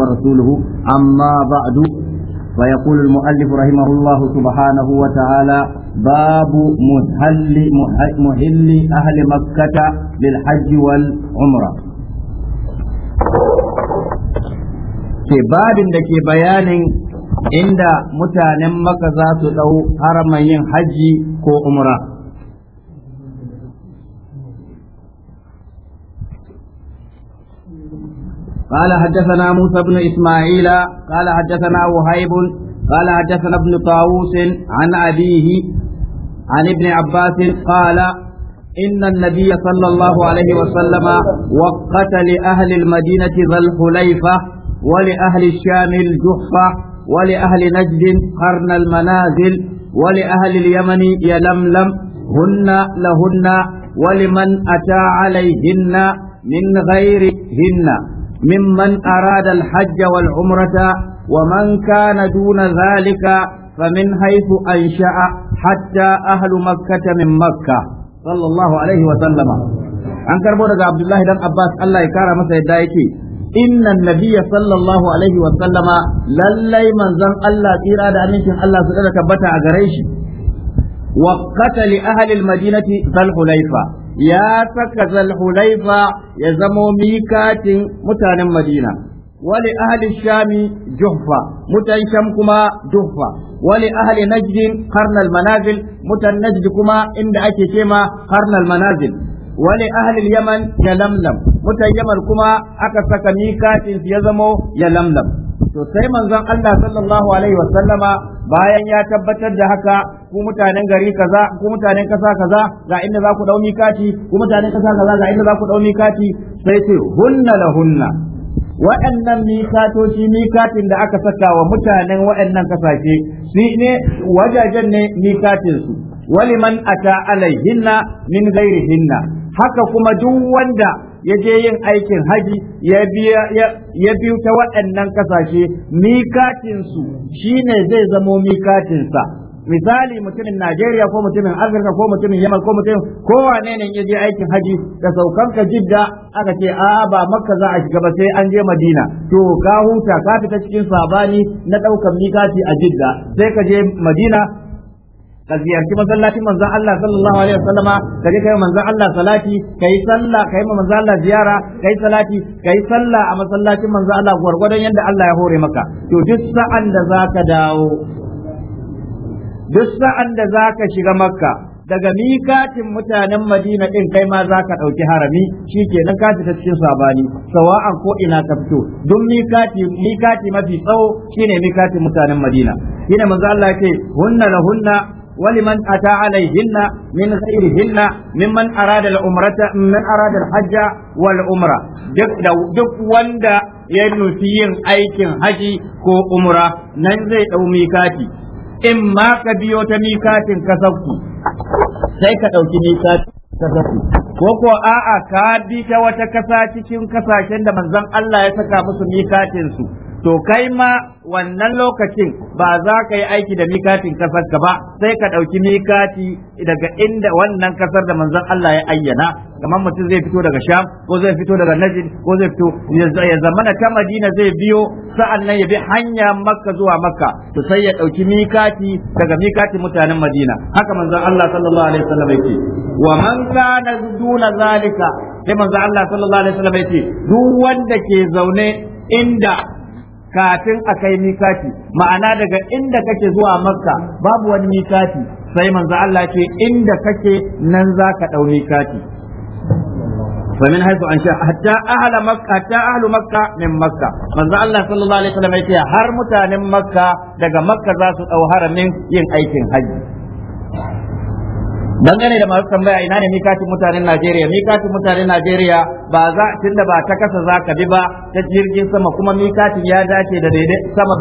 ورسوله أما بعد فيقول المؤلف رحمه الله سبحانه وتعالى باب محل محل أهل مكة بالحج والعمرة ke babin da ke bayanin inda mutanen maka za su ɗau haramin yin hajji ko umra. قال حدثنا موسى بن إسماعيل قال حدثنا وهيب قال حدثنا ابن طاووس عن أبيه عن ابن عباس قال إن النبي صلى الله عليه وسلم وقت لأهل المدينة ذا الحليفة ولأهل الشام الجحفة ولأهل نجد قرن المنازل ولأهل اليمن يلملم هن لهن ولمن أتى عليهن من غيرهن ممن أراد الحج والعمرة ومن كان دون ذلك فمن حيث أنشأ حتى أهل مكة من مكة صلى الله عليه وسلم عن كربونة عبد الله بن عباس الله يكرم سيدايتي إن النبي صلى الله عليه وسلم للي من زن الله تيرا دا أمينشن الله سيدنا كبتا أغريش وقتل أهل المدينة ذا الحليفة ya saka zalhulaifa ya zamo mikatin mutanen madina wali ahli shami juhfa mutan sham kuma juhfa wali ahli najd karnal manazil mutan najd kuma inda ake cema karnal manazil wali ahli yaman ya lamlam mutan yaman kuma aka saka mikatin ya zamo ya lamlam to sai manzon Allah sallallahu alaihi wasallama bayan ya tabbatar da haka ku mutanen gari kaza ku mutanen kasa kaza ga inda za ku dau mikati ku mutanen kasa kaza ga inda za ku dau mikati sai ce hunna lahunna waɗannan mikatoci mikatin da aka saka wa mutanen waɗannan kasashe shi ne wajajen ne su waliman ata alaihinna min ghairihinna haka kuma duk wanda ya je yin aikin haji ya biyu ta waɗannan kasashe mikatinsu ne zai zamo mikatinsa misali mutumin Najeriya ko mutumin Afirka ko mutumin Yamal ko mutumin kowane ne ya je aikin haji da saukan ka jidda aka ce a ba makka za a shiga ba sai an je Madina to ka huta ka fita cikin sabani na daukan mikati a jidda sai ka je Madina ka ziyarci masallacin manzon Allah sallallahu alaihi wasallama ka je kai manzon Allah salati kai sallah kai manzon Allah ziyara kai salati kai sallah a masallacin manzon Allah gwargwadon yadda Allah ya hore maka to duk sa'an da zaka dawo duk sa'an da zaka shiga makka daga mikatin mutanen madina din kai ma za ka ɗauki harami shi ke nan kati ta cikin sabani sawa'an ko ina ka fito don mikati mikati mafi tsawo shine mikatin mutanen madina shine manzo Allah yake hunna la hunna ولمن أتى عليهن من غيرهن ممن أراد العمرة من أراد الحج والعمرة duk wanda ya nufi yin aikin haji ko umra nan zai ɗau mikati in ma ka biyo ta mikatin ka sauki sai ka ɗauki mikatin ka sauki ko ko a'a ka bi ta wata ƙasa cikin ƙasashen da manzon Allah ya saka musu mikatin to kai ma wannan lokacin ba za ka yi aiki da mikatin kasar ka ba sai ka ɗauki mikati daga inda wannan kasar da manzon Allah ya ayyana kamar mutum zai fito daga Sham ko zai fito daga Najd ko zai fito ya zamana ta Madina zai biyo sa'an nan ya bi hanya Makka zuwa Makka to sai ya ɗauki mikati daga mikatin mutanen Madina haka manzon Allah sallallahu alaihi wasallam yake wa man kana duna zalika sai manzon Allah sallallahu alaihi wasallam yake duk wanda ke zaune inda kafin a kai mikati ma'ana daga inda kake zuwa makka babu wani mikati sai manzo Allah ce inda kake nan za ka ɗau mikati فمن حيث an حتى أهل مكة حتى أهل مكة من مكة من الله صلى الله عليه وسلم يتيا هر من مكة دقا مكة ذات أو هر من ين aikin haji. dangane da masu tambaya ina ne mikatin mutanen Najeriya mikacin mutanen Najeriya ba za tunda ba ta kasa za ka bi ba ta jirgin sama kuma mikatin ya dace da daidai sama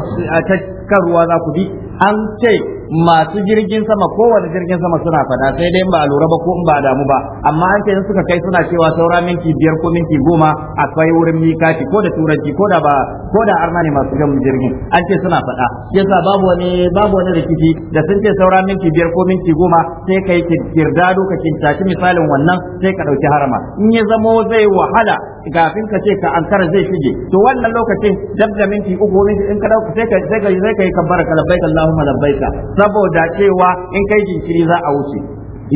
ta kan ruwa za ku bi an ce masu jirgin sama kowane jirgin sama suna fada sai dai ba a lura ba ko in ba a damu ba amma an ce suka kai suna cewa saura minti biyar ko minti goma akwai wurin mikati ko da turanci ko da ba ko da arna ne masu gamin jirgin an ce suna fada yasa babu wani babu wani rikici da sun ce saura minti biyar ko minti goma sai kai kirdado ka kintaci misalin wannan sai ka dauki harama in ya zamo zai wahala kafin ka ce ka ankara zai shige to wannan lokacin dab da minti uku minti in ka dauka sai ka sai ka sai ka yi kabbara ka labbaika allahumma labbaika saboda cewa in kai jinkiri za a wuce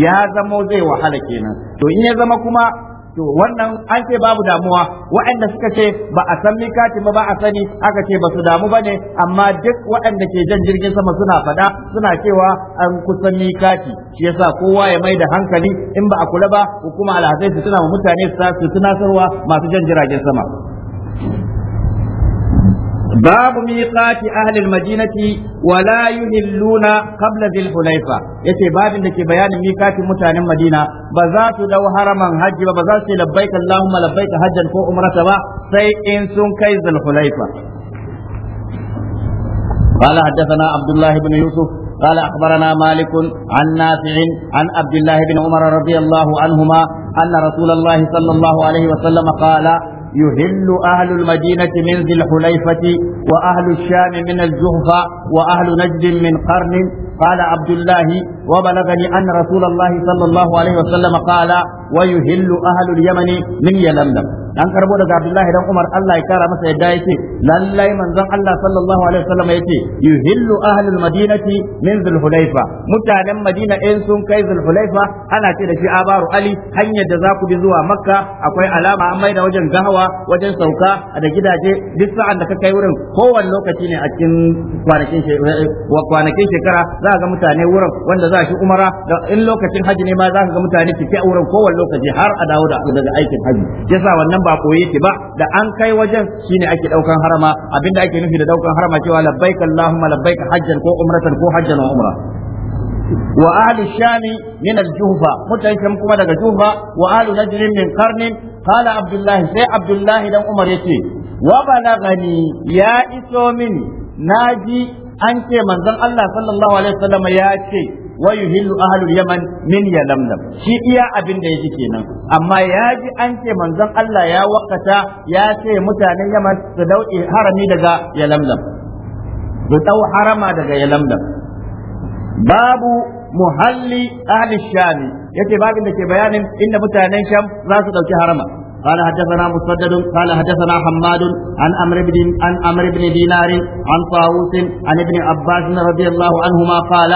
ya zamo zai wahala kenan to in ya zama kuma to wannan an ce babu damuwa waɗanda suka ce ba a san mikati ba ba a sani aka ce ba su damu ba ne amma duk waɗanda ke jan jirgin sama suna faɗa suna cewa an kusan mikati shi yasa kowa ya mai da hankali in ba a kula ba hukuma alhazai su tuna mutane su tunasarwa masu jan jiragen sama باب ميقات أهل المدينة ولا يهلون قبل ذي الحليفة يتي باب انك بيان ميقات متان المدينة بذات لو هرما حج وبذات لبيك اللهم لبيك حجا فوق عمرة با سي انسون كي ذي الحليفة قال حدثنا عبد الله بن يوسف قال أخبرنا مالك عن نافع عن عبد الله بن عمر رضي الله عنهما أن رسول الله صلى الله عليه وسلم قال يهل أهل المدينة من ذي الحليفة وأهل الشام من الزهفة وأهل نجد من قرن قال عبد الله وبلغني أن رسول الله صلى الله عليه وسلم قال wa yuhillu ahlul yamani min yalamlam an karbo daga Abdullahi dan Umar Allah ya kara masa yadda yace lallai manzon Allah sallallahu alaihi wasallam yace yuhillu ahlul madinati min hulaifa mutanen Madina in sun kai zulhulaifa ana ce da shi abaru ali hanyar da za ku bi zuwa Makka akwai alama an maida wajen gahawa wajen sauka da gidaje duk sa'an da ka kai wurin kowanne lokaci ne a cikin kwanakin eh, kwanakin shekara za ga mutane wurin wanda za shi umara in lokacin hajji ne ma za ka ga mutane cike a wurin kowanne lokaci har a dawo da daga aikin haji yasa wannan ba koyi ki ba da an kai wajen shine ake daukan harama abinda ake nufi da daukan harama cewa labbaik allahumma labbaik hajjan ko umratan ko hajjan wa umra wa ahli shami min al-juhfa mutaikin kuma daga juhfa wa ahli najd min qarn qala abdullah sai abdullah dan umar yace wa balagani ya iso min naji an ce manzon Allah sallallahu alaihi wasallam ya ce wa yuhillu ahlul yaman min yalamlam shi iya abin da ji kenan amma ya ji an ce manzon Allah ya wakata ya ce mutanen yaman su dauke harami daga yalamlam su dau harama daga yalamlam babu muhalli ahli shami yace babin da ke bayanin inda mutanen sham za su dauki harama قال حدثنا مسدد قال حدثنا حماد عن عمرو بن عن عمرو بن دينار عن طاووس عن ابن عباس رضي الله عنهما قال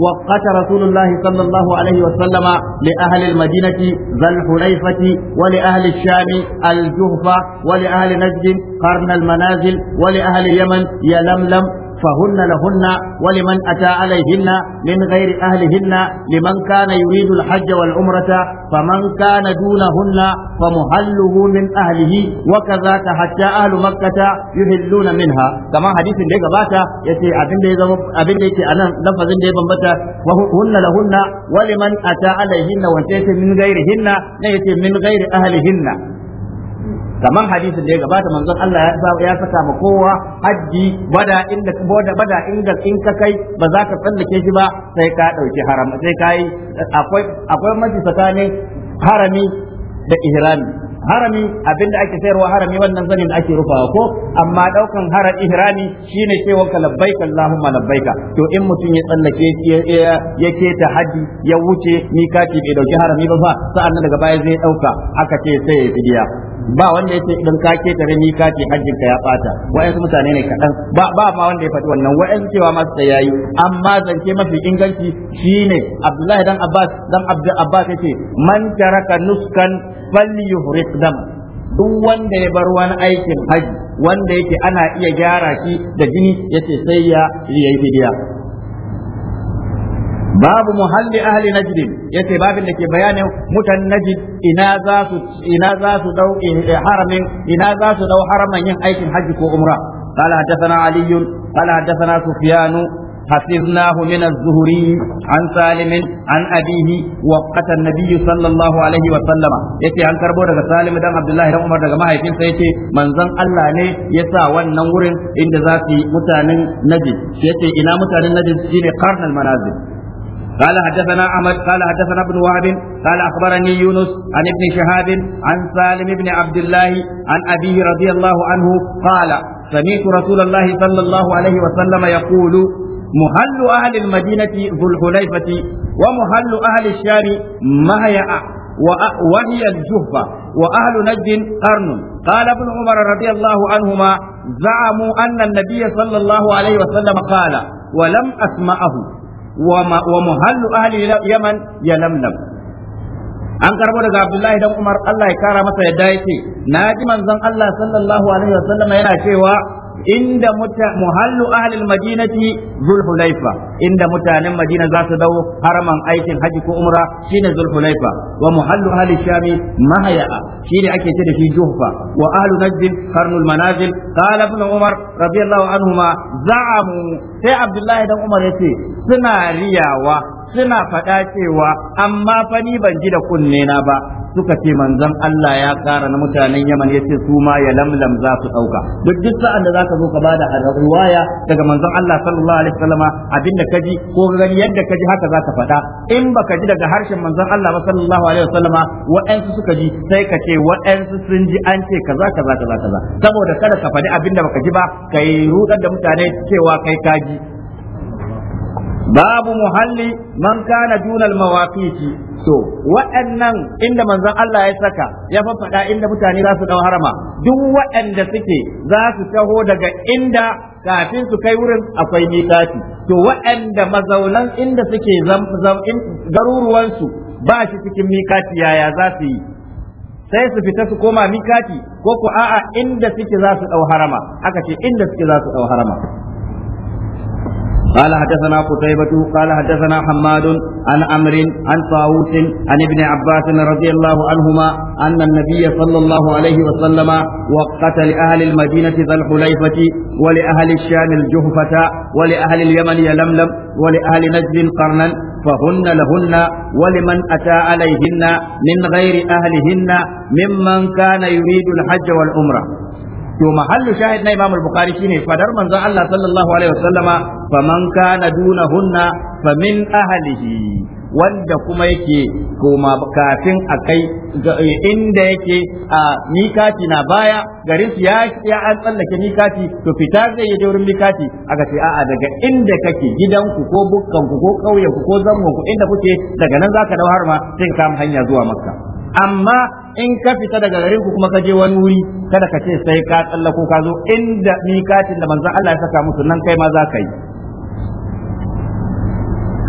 وقت رسول الله صلى الله عليه وسلم لأهل المدينة ذا الحليفة ولأهل الشام الجهفة ولأهل نجد قرن المنازل ولأهل اليمن يلملم فهن لهن ولمن أتى عليهن من غير أهلهن لمن كان يريد الحج والعمرة فمن كان دونهن فمحله من أهله وكذاك حتى أهل مكة يهلون منها كما حديث دي غباتا يتي أبن دي أبن دي أنا لفظ دي بمبتا وهن لهن ولمن أتى عليهن وتيت من غيرهن يتي من غير أهلهن kamar hadisin da ya gabata manzon Allah ya saka ma kowa haji bada inda bada inda in ka kai ba za ka tsallake shi ba sai ka dauki haram sai kai akwai akwai maji tsakanin harami da ihrami harami abinda ake sayarwa harami wannan zanin da ake rufawa ko amma daukan harar ihrami shine ce ka labbaika allahumma labbaika to in mutum ya tsallake ya keta haji ya wuce ni mikati bai dauki harami ba fa sa'an daga baya zai dauka aka ce sai ya fidiya ba wanda yace idan ka ke tare ni ka ce hajjin ka ya bata wa'ansu mutane ne kadan ba ba ma wanda ya faɗi wannan wa'ansu cewa ma su yayi amma zance mafi inganci shine Abdullahi dan Abbas dan Abdul Abbas yace man taraka nuskan falyuhriq dam duk wanda ya bar wani aikin haji wanda yake ana iya gyara shi da jini yace sai ya yi fidiya babu muhalli ahli najd yace babin da ke bayanin mutan najd ina eh, ina za su dau haramin yin aikin hajji ko umra قال حدثنا علي قال حدثنا سفيان حفظناه من الزهري عن سالم عن أبيه وقت النبي صلى الله عليه وسلم يتي عن كربو دغ سالم دان عبد الله دان عمر دغ mahaifin sa yace manzon Allah ne ya sa wannan wurin inda za su mutanen Najd yace ina mutanen Najd shine قال حدثنا أحمد قال حدثنا ابن وهب قال أخبرني يونس عن ابن شهاب عن سالم بن عبد الله عن أبيه رضي الله عنه قال سمعت رسول الله صلى الله عليه وسلم يقول محل أهل المدينة ذو الحليفة ومحل أهل الشام مهيأ وهي الجهفة وأهل نجد قرن قال ابن عمر رضي الله عنهما زعموا أن النبي صلى الله عليه وسلم قال ولم أسمعه wa muhallu ahli yaman ya an karbo daga abdullahi dan umar Allah ya kara masa yadda yake na ji manzon Allah sallallahu alaihi wasallam yana cewa inda muhallu ahlil madinati zul inda mutanen madina za su dawo haraman aikin haji ko umra shine zul hulaifa wa muhallu ahli shami mahaya shine ake ce da shi juhfa wa ahlu najd qarnul manazil qala ibn umar radiyallahu anhuma za'amu sai abdullahi dan umar yace suna riyawa suna faɗa cewa amma fa ni ban ji da kunne na ba suka ce manzon Allah ya kara na mutanen Yaman yace su ma ya lamlam za su dauka duk duk sa'an da zaka zo ka bada riwaya daga manzon Allah sallallahu alaihi wasallama abinda kaji ko gani yadda kaji haka zaka faɗa in baka ji daga harshen manzon Allah ba sallallahu alaihi wasallama wa'ansu suka ji sai ka ce wa'ansu sun ji an ce kaza kaza kaza kaza saboda kada ka faɗi abinda baka ji ba kai rudar da mutane cewa kai kaji babu muhalli man kana junal mawaqiti to waɗannan inda Allah ya saka ya faɗa inda mutane za su dau harama duk waɗanda suke za su taho daga inda kafin su kai wurin akwai mitati to waɗanda mazaunan inda suke garuruwansu ba shi cikin mikati yaya za su yi sai su fita su koma mikati ko ku a'a inda suke za su dau harama aka ce inda suke za su dau harama قال حدثنا قتيبة قال حدثنا حماد عن أمر عن طاووس عن ابن عباس رضي الله عنهما أن النبي صلى الله عليه وسلم وقت لأهل المدينة ذا الحليفة ولأهل الشام الجهفة ولأهل اليمن يلملم ولأهل نجد قرنا فهن لهن ولمن أتى عليهن من غير أهلهن ممن كان يريد الحج والعمرة to mahallu shahid na Imam al-Bukhari shine fadar manzon Allah sallallahu alaihi wasallama faman kana dunahunna famin ahlihi wanda kuma yake koma kafin a kai eh, inda yake a mikati na baya garin su ya ya an tsallake mikati to fita zai yi wurin mikati aka ce a'a daga inda kake gidanku ko bukkanku ko ƙauyenku ko zamanku inda kuke daga nan zaka dau ma sai ka kama hanya zuwa makka amma in ka fita daga garin ku kuma ka je wani wuri kada ka ce sai ka tsallako ka zo inda mikatin da manzon Allah ya saka musu nan kai ma za ka yi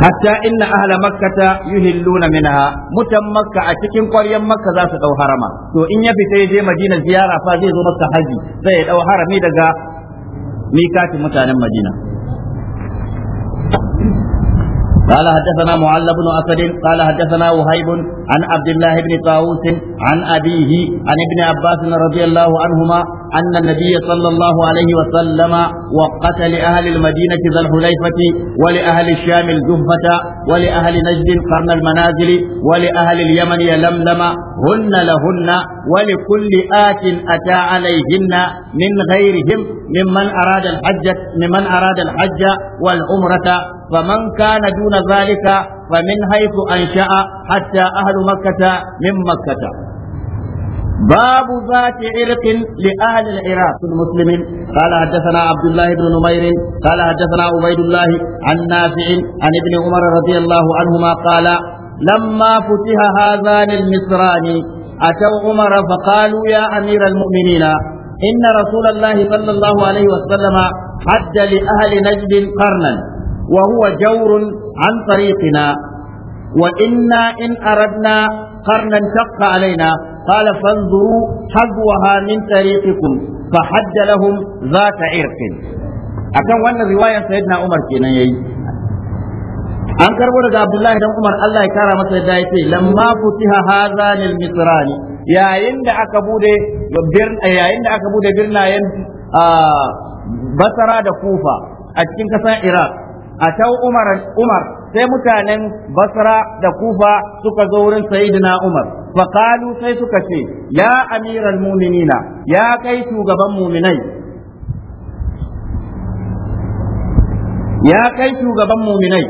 hatta inna ahla makkata yuhilluna minha mutan makka a cikin ƙwaryar makka za su dau harama to in ya fita ya je madina ziyara fa zai zo masa haji zai dau harami daga mikatin mutanen madina قال حدثنا معل بن أسد قال حدثنا وهيب عن عبد الله بن طاووس عن أبيه عن ابن عباس رضي الله عنهما أن النبي صلى الله عليه وسلم وقت لأهل المدينة ذا الحليفة ولأهل الشام الجهفة ولأهل نجد قرن المنازل ولأهل اليمن يلملم هن لهن ولكل آت أتى عليهن من غيرهم ممن أراد الحج ممن أراد الحج والعمرة فمن كان دون ذلك فمن حيث أنشأ حتى أهل مكة من مكة باب ذات عرق لأهل العراق المسلمين قال حدثنا عبد الله بن نمير قال حدثنا عبيد الله عن نافع عن ابن عمر رضي الله عنهما قال لما فتح هذان المصران أتوا عمر فقالوا يا أمير المؤمنين إن رسول الله صلى الله عليه وسلم حد لأهل نجد قرنا وهو جور عن طريقنا وإنا إن أردنا قرنا شق علينا قال فانظروا حظوها من طريقكم فحد لهم ذات عرق akan wannan riwayar sayyidina Umar kenan yayi an karbo daga Abdullahi dan Umar Allah ya kara masa yadda yace lamma futiha hazanil misrani yayin da aka bude yayin da aka bude birnayen ah, basara da kufa a cikin kasar Iraq atau umar umar sai mutanen basra da kufa suka zo wurin sayyidina umar faqalu sai suka ce ya amiral mu'minina ya kai shugaban mu'minai ya kai shugaban mu'minai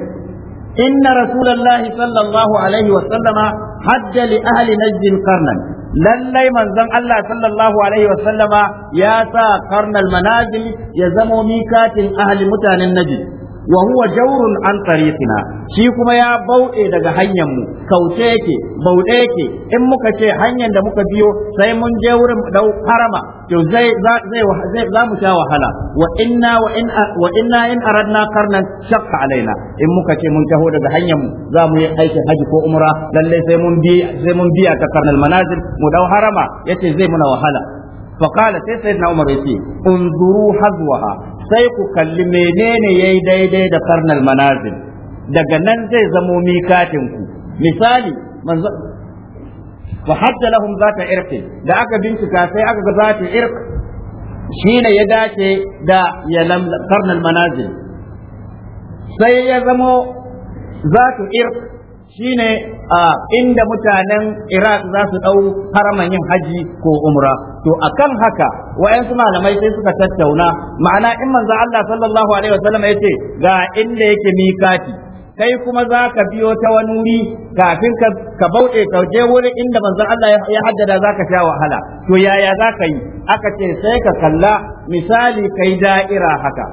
inna rasulallahi sallallahu alaihi wa sallama hadda li ahli najd karnan, lallai manzon Allah sallallahu alaihi wa sallama ya sa karnal manazil ya zamo mikatin ahli mutanen najd wa huwa jawrun an tariqina shi kuma ya bauɗe daga hanyar mu kauce yake bauɗe yake in muka ce hanyar da muka biyo sai mun je wurin dau harama to zai zai za mu sha wahala wa inna wa in wa inna in aradna shaqqa alaina in muka ce mun taho daga hanyar mu za mu yi aikin haji ko umra lalle sai mun bi sai mun biya ta karnal manazil mu dau harama yace zai muna wahala فقال سيدنا عمر يتي انظروا حذوها sai ku kalli menene yayi daidai da karnal manazil daga nan zai zamo mikatin ku misali manzo fa hadda lahum ta irq da aka bincika sai aka ga za irk. irq ne ya dace da ya lam karnal manazil sai ya zamo za irk. irq ne a inda mutanen Iraq za su ɗau haramin haji ko umra to akan haka wayansu malamai sai suka tattauna ma'ana in manzo Allah sallallahu alaihi wasallam yace ga inda yake mikati kai kuma za ka biyo ta wani wuri kafin ka bauɗe ka je wurin inda manzon Allah ya haddada za ka sha wahala to yaya za ka yi aka ce sai ka kalla misali kai da'ira haka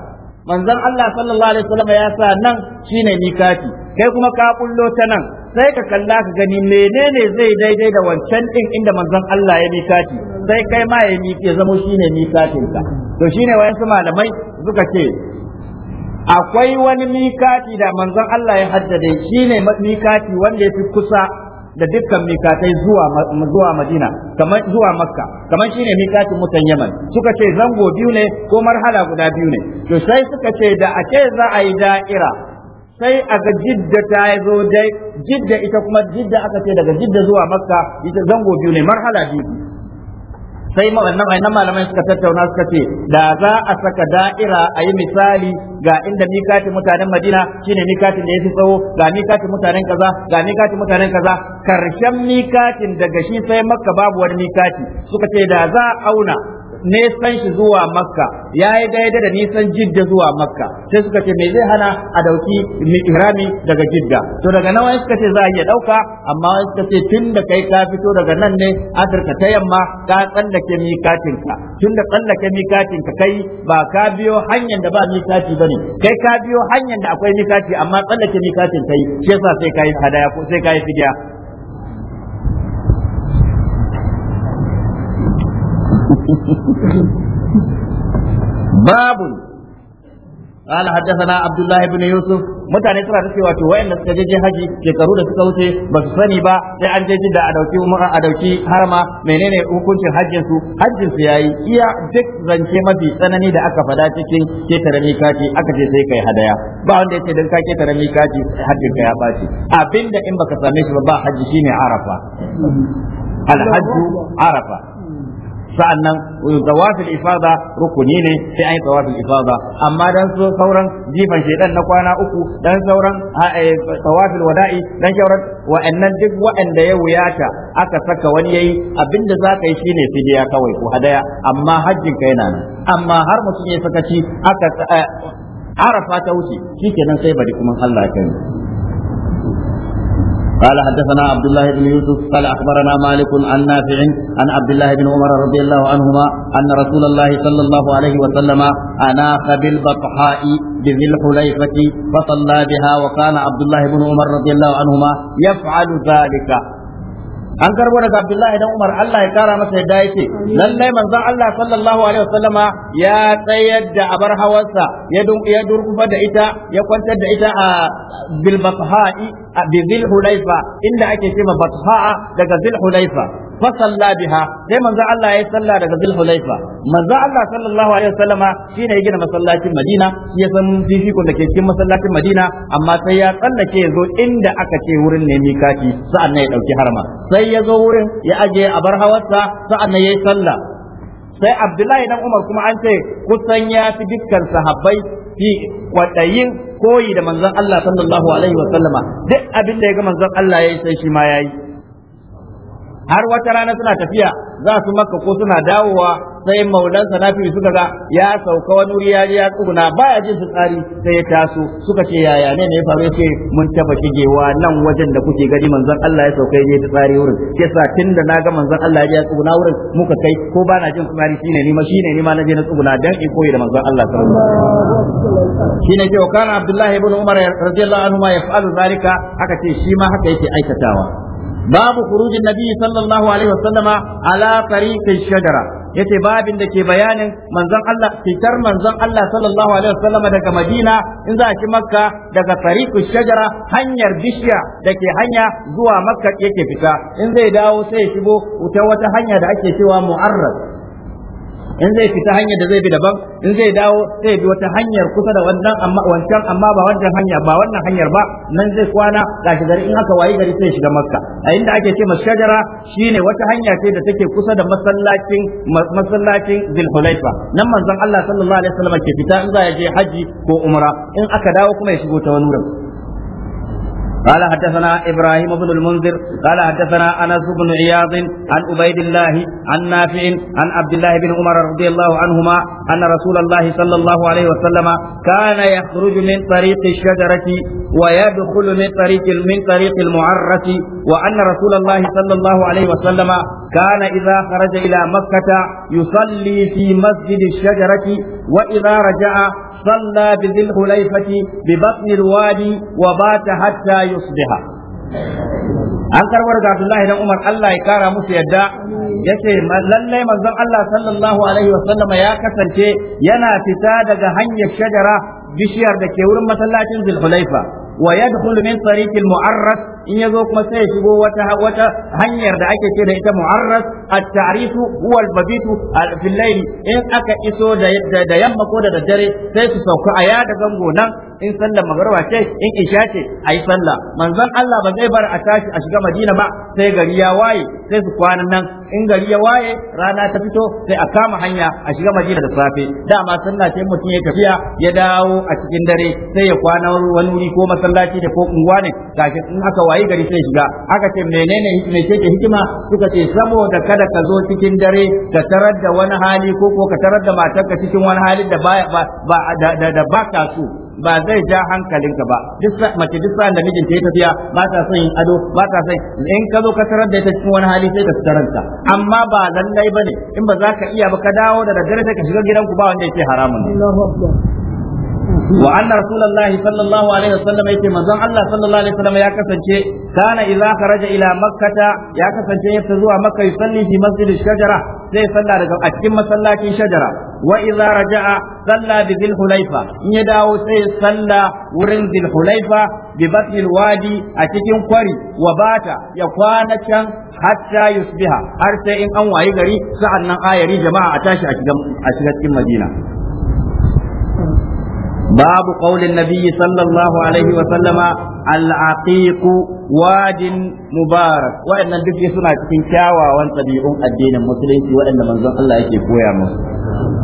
manzon Allah sallallahu alaihi wasallam ya sa nan shine mikati kai kuma ka kullo ta nan sai ka kalla ka gani menene zai daidai da wancan din inda manzon Allah ya mikati sai kai ma ya miki ya zama shine mikatin ka to shine su malamai suka ce akwai wani mikati da manzon Allah ya haddade shine mikati wanda ya fi kusa da dukkan mikatai zuwa zuwa Madina kamar zuwa Makka kamar shine mikatin mutan Yaman suka ce zango biyu ne ko marhala guda biyu ne to sai suka ce da ake za a yi da'ira sai a ga jidda ta yi zo dai jidda ita kuma jidda aka ce daga jidda zuwa makka ita zango biyu ne marhala biyu sai wannan malamai suka tattauna suka ce da za a saka da'ira a yi misali ga inda mikatin mutanen madina shine mikatin da ya fi tsawo ga mikatin mutanen kaza ga mikatin mutanen kaza karshen mikatin daga shi sai makka babu wani mikati suka ce da za a auna nisan shi zuwa makka ya yi daidai da nisan jidda zuwa makka sai suka ce me zai hana a dauki mihrami daga jidda to daga nan suka ce za a iya dauka amma wani suka ce tun da kai ka fito daga nan ne afirka ta yamma ka tsallake mikatin ka tun da tsallake mikatin ka kai ba ka biyo hanyar da ba mikati bane kai ka biyo hanyar da akwai mikati amma tsallake mikatin kai shi yasa sai kai hadaya ko sai kai fidiya babu قال حدثنا عبد الله بن يوسف mutane suna ta cewa to wayanda suka je haji shekaru da suka wuce ba su sani ba sai an je da a dauki umara a dauki harama menene hukuncin hajjin su hajjin su yayi iya duk zance mafi tsanani da aka fada cikin ketare mikati aka ce sai kai hadaya ba wanda yace dan ka ketare mikati hajjin ka ya baci abinda in baka same shi ba ba haji shine arafa alhajju arafa sa'annan tawafil ifada rukuni ne sai an yi tawafil ifada amma dan sauran jifan shedan na kwana uku dan sauran eh, tawafil wada'i dan sauran wa'annan duk wa'anda ya wuyata aka saka wani yayi abinda za ka yi shine fidiya kawai ko hadaya amma hajjin ka yana nan amma har mutum ya sakaci aka eh, arafa ta wuce shikenan sai bari kuma Allah ya kai قال حدثنا عبد الله بن يوسف قال اخبرنا مالك عن نافع عن عبد الله بن عمر رضي الله عنهما ان رسول الله صلى الله عليه وسلم اناخ بالبطحاء بذي الحليفه فصلى بها وكان عبد الله بن عمر رضي الله عنهما يفعل ذلك an karbo daga Abdullahi dan Umar Allah ya kara masa yadda yake lalle manzon Allah sallallahu alaihi wasallama ya tsayar da abar hawarsa ya ya durkufa da ita ya kwantar da ita a bilbafha'i a bizil hulaifa inda ake cewa batha'a daga zil hulaifa fasalla biha sai manzo Allah ya salla daga Zulhulaifa manzo Allah sallallahu alaihi wasallama shine ya gina masallacin Madina ya san fifikon da ke cikin masallacin Madina amma sai ya tsallake ya zo inda aka ce wurin ne mikati sa'an nan ya dauki harma sai sai ya zo wurin ya aje a bar hawarsa sa'annan yi sallah sai Abdullahi dan Umar kuma an ce kusan ya fi dukkan sahabbai fi kwadayin koyi da manzon Allah sallallahu alaihi wa sallama duk abin da ya ga manzon Allah yayi sai shi ma yayi har wata rana suna tafiya za su makka ko suna dawowa sai maulansa na fi suka ga ya sauka wani wuri ya ya tsuguna baya jin tsari sai ya taso suka ce yaya ne ne ya faru yace mun taba shigewa nan wajen da kuke gani manzon Allah ya sauka ya tsari wurin yasa tunda na ga manzon Allah ya tsuguna wurin muka kai ko bana jin tsari shine ni ma shine ni ma na je na tsuguna dan in koyi da manzon Allah sallallahu alaihi wasallam shine ce kana Abdullahi ibn Umar radiyallahu anhu ma yaf'alu zalika haka ce shi ma haka yake aikatawa babu khurujin nabi sallallahu alaihi wasallama ala tariqi shajara yace babin da ke bayanin manzon Allah fitar manzon Allah sallallahu alaihi daga Madina in za shi Makka daga tariqu shajara hanyar bishiya da ke hanya zuwa Makka yake fita in zai dawo sai ya shigo wutar wata hanya da ake cewa mu'arrad in zai fita hanyar da zai bi daban in zai dawo zai bi wata hanyar kusa da wannan amma wancan amma ba wannan hanya ba wannan hanyar ba nan zai kwana gashi gari in aka wayi gari sai shiga makka a inda ake ce shajara shine wata hanya ce da take kusa da masallacin masallacin zulhulaifa nan manzon Allah sallallahu alaihi wasallam ke fita in za ya je haji ko umra in aka dawo kuma ya shigo ta wani wurin قال حدثنا ابراهيم بن المنذر قال حدثنا انس بن عياض عن عبيد الله عن نافع عن عبد الله بن عمر رضي الله عنهما ان رسول الله صلى الله عليه وسلم كان يخرج من طريق الشجره ويدخل من طريق من طريق المعرة وان رسول الله صلى الله عليه وسلم كان اذا خرج الى مكه يصلي في مسجد الشجره واذا رجع صلى بذي الخليفه ببطن الوادي وبات حتى yusbiha an karbar ga Abdullahi dan Umar Allah ya kara musu yadda yace lallai manzon Allah sallallahu alaihi wasallama ya kasance yana fita daga hanyar shajara bishiyar da ke wurin masallacin Zulhulaifa wa yadkhulu min tariqil mu'arras in ya zo kuma sai ya shigo wata wata hanyar da ake ce da ita mu'arras at-ta'rifu huwa al-mabitu fil layl in aka iso da da yamma ko da daddare sai su sauka a yada zango nan in sallar magruba ce in isha ce ayi sallah manzon Allah ba zai bar a tashi a shiga Madina ba sai gari ya waye sai su kwana nan in gari ya waye rana ta fito sai a kama hanya a shiga Madina da safe dama sunna sai mutum ya tafiya ya dawo a cikin dare sai ya kwana wani wuri ko masallaci da ko unguwa ne kafin in aka wayi gari sai shiga aka ce menene hikima ce hikima suka ce saboda kada ka zo cikin dare ka tarar da wani hali ko ko ka tarar da matarka cikin wani hali da ba ba da ba ka su ba zai ja hankalinka ba duk mace duk sa'an da mijinta ya tafiya ba ta son yin ado ba ta son in ka zo ka tarar da ita cikin wani hali sai ka ta amma ba lallai bane in ba za ka iya ba ka dawo da daddare sai ka shiga gidanku ba wanda yake haramun wa anna rasulullahi sallallahu alaihi wasallam yace manzon Allah sallallahu alaihi wasallam ya kasance kana idza kharaja ila makkata ya kasance ya zuwa makka yusalli fi masjid shajara zai salla daga a cikin masallacin shajara wa idza raja'a salla bi in ya dawo sai salla wurin dhil hulaifa bi wadi a cikin kwari wa bata ya kwana can hatta yusbiha har sai in an wayi gari nan ayari jama'a a tashi a cikin madina Babu قول النبي صلى الله عليه وسلم العقيق واد مبارك وان cikin kyawawan tabi'un addinin musulunci waɗanda manzon Allah yake koya musu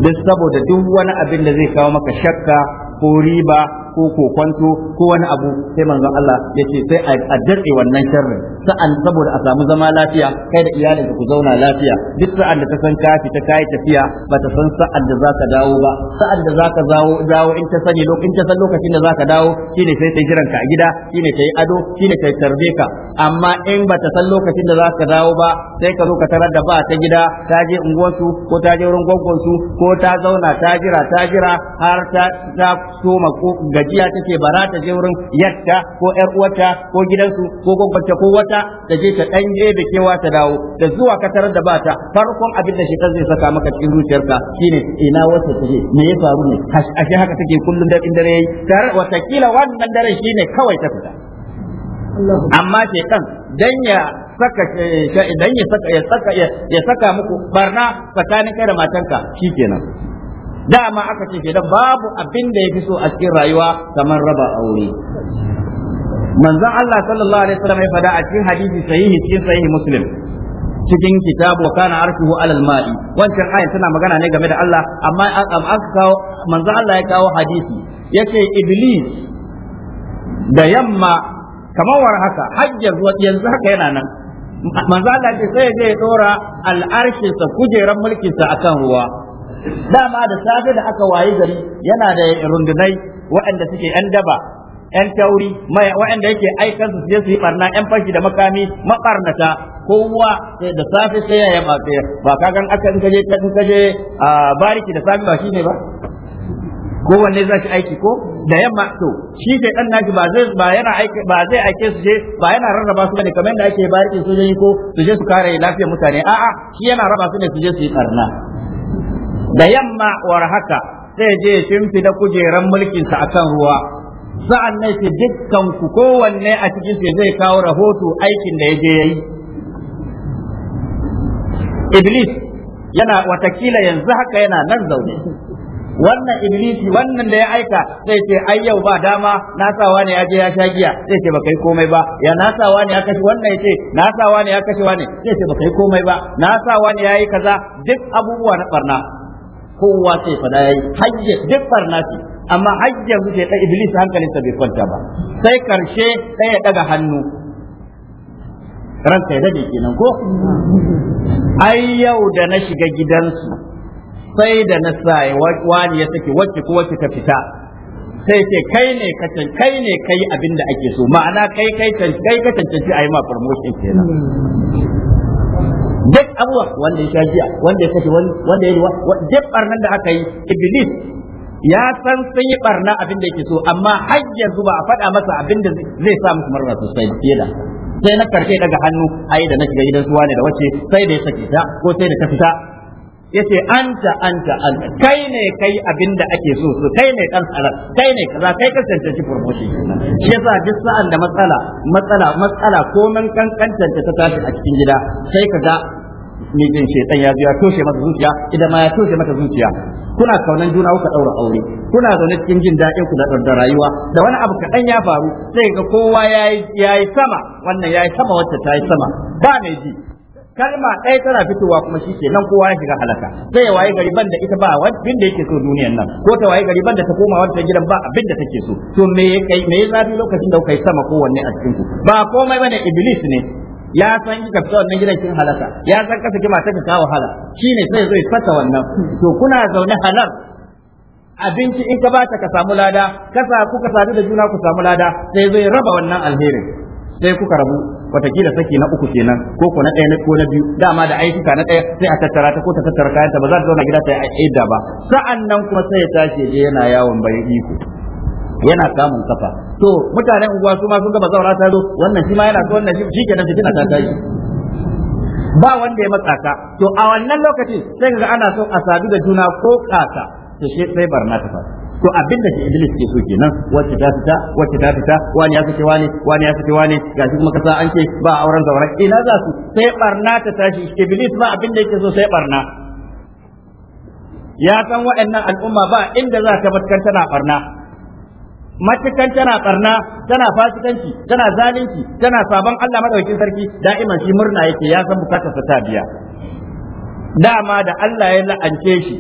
duk saboda duk wani abin da zai kawo maka shakka ko riba ko kwanto ko wani abu sai manzon Allah ya ce sai a daɗe wannan sharrin sa'an saboda a samu zama lafiya kai da iyalinka ku zauna lafiya duk sa'an da ta san ka fita kai tafiya ba ta san sa'an da za ka dawo ba sa'an da za ka dawo dawo in ta sani ta san lokacin da za ka dawo shine sai ta jiran ka a gida shine ta yi ado shine ta tarbe ka amma in ba ta san lokacin da za ka dawo ba sai ka zo ka tarar da ba ta gida ta je unguwarsu ko ta je wurin gwaggonsu ko ta zauna ta jira ta jira har ta ta soma ko gajiya take bara ta je wurin yatta ko yar uwarta ko gidansu ko gwagwata ko wata da je ta dan da kewa ta dawo da zuwa ka da bata farkon abin da shekar zai saka maka cikin zuciyarka shine ina wata take me ya faru ne ashe haka take kullum da dare yayi tare watakila wannan dare shine kawai ta fita amma kan dan ya saka idan ya saka ya saka ya saka muku barna tsakanin kai da matanka shikenan dama aka ce ke babu abin da ya fi so a cikin rayuwa kamar raba aure manzon Allah sallallahu alaihi wasallam ya fada a cikin hadisi sahihi cikin sahihi muslim cikin kitabu wa kana arshuhu alal ma'i wancan ayat tana magana ne game da Allah amma an kawo manzon Allah ya kawo hadisi yace iblis da yamma kamar war haka hajjar yanzu haka yana nan manzo Allah ce sai ya dora sa kujeran mulkinsa akan ruwa dama da safe da aka waye gari yana da rundunai waɗanda suke yan daba yan tauri waɗanda yake aikan su je su yi barna yan fashi da makami mabarnata kowa da safe sai ya ba. sai ba ka gan aka in kaje in kaje bariki da safe ba shi ne ba kowanne za shi aiki ko da yamma to shi ke dan nashi ba zai ba yana aiki ba zai aike su je ba yana rarraba su ne kamar yadda ake barikin sojoji ko su je su kare lafiyar mutane a'a shi yana raba su ne su je su yi barna da yamma war haka sai je da kujeran mulkinsa akan ruwa sa'an nan shi dukkan ku kowanne a cikin shi zai kawo rahoto aikin da ya je yayi iblis yana watakila yanzu haka yana nan zaune wannan iblisi wannan da ya aika zai ce ai yau ba dama na sawa ne ya je ya sha giya zai ce baka yi komai ba ya na sawa ne ya kashe wannan ya ce na sawa ne ya kashe wani zai ce baka yi komai ba na sawa ne ya yi kaza duk abubuwa na barna kowa sai fada yayi hajji duk farnasi amma hajji muke da iblis sa bai kwanta ba sai karshe sai ya daga hannu ranka ya dade kenan ko ai yau da na shiga gidansu sai da na sai wani ya sake wacce ko wacce ka fita sai ce kai ne ka kai ne kai abin da ake so ma'ana kai kai kai ka cancanci a yi ma promotion kenan duk abuwa wanda ya shaji wanda ya kashe wanda ya yi ruwa duk barnan da aka yi iblis ya san sun yi barna abin da yake so amma har yanzu ba a faɗa masa abin da zai sa musu marra sosai fiye da sai na karshe daga hannu ai da na shiga gidan suwa ne da wace sai da ya saki ta ko sai da ta fita yace anta anta anta kai ne kai abin da ake so su kai ne kan tsara kai ne kaza kai ka cancanci promotion shi yasa duk sa'an da matsala matsala matsala ko nan tantance ta tashi a cikin gida sai kaga Ni jin shedan ya biya toshe masa zuciya idan ma ya toshe mata zuciya kuna kaunan juna kuka daura aure kuna zaune cikin jin daɗin ku da rayuwa da wani abu kaɗan ya faru sai ga kowa ya yi sama wannan ya yi sama wacce ta yi sama ba mai ji kalma ɗaya tana fitowa kuma shi ke nan kowa ya shiga halaka sai ya waye gari da ita ba abin da yake so duniyan nan ko ta waye gari da ta koma wata gidan ba abin da take so to me ya kai me ya zafi lokacin da kai sama kowanne a cikin ku ba komai bane iblis ne ya san kika fita wannan gidan kin halaka ya san ka saki ta ka wahala shine sai zai fata wannan to kuna zaune halal abinci in ka bata ka samu lada kasa kuka sadu da juna ku samu lada sai zai raba wannan alherin sai kuka rabu watakila saki na uku kenan ko ko na ɗaya ko na biyu dama da ayyuka na ɗaya sai a tattara ta ko ta tattara kayan ta ba za ta zauna gida ta yi aida ba sa'an nan kuma sai ya tashi yana yawon bai iko yana samun kafa to mutanen unguwa su ma sun gaba zaura ta zo wannan shi ma yana so wannan shi kenan kina ta yi. ba wanda ya matsa ka to a wannan lokacin sai ga ana so a sadu da juna ko kaka to shi sai barna ta faru to abin da Iblis ke so kenan wacce ta fita wacce ta fita wani ya fita wani wani ya fita wani gashi kuma kasa an ce ba auren zaure ina za su sai barna ta tashi Iblis ba abin da yake so sai barna ya san waɗannan al'umma ba inda za ta tana barna matukan tana barna tana fasikanci tana zalunci tana sabon Allah madaukakin sarki daima shi murna yake ya san bukatar sa ta biya dama da Allah ya la'ance shi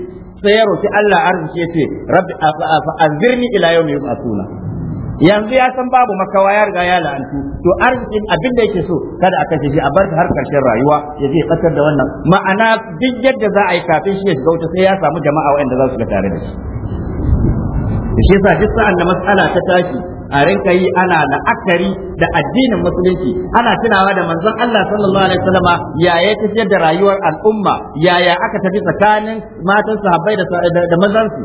sai ya roki Allah arziki yace rabbi anzirni ila yawmi yub'athuna yanzu ya san babu makawa ya riga ya la'antu to arzikin abin da yake so kada a kashe shi a bar har karshen rayuwa ya je kasar da wannan ma'ana duk yadda za a yi kafin shi ya shiga wuta sai ya samu jama'a waɗanda za su ga tare da shi shi yasa duk sa'an da mas'ala ta tashi a rinka yi ana la'akari da addinin musulunci ana tunawa da manzon Allah sallallahu alaihi wasallama yaya tafiyar da rayuwar al'umma yaya aka tafi tsakanin matan sahabbai da da mazan su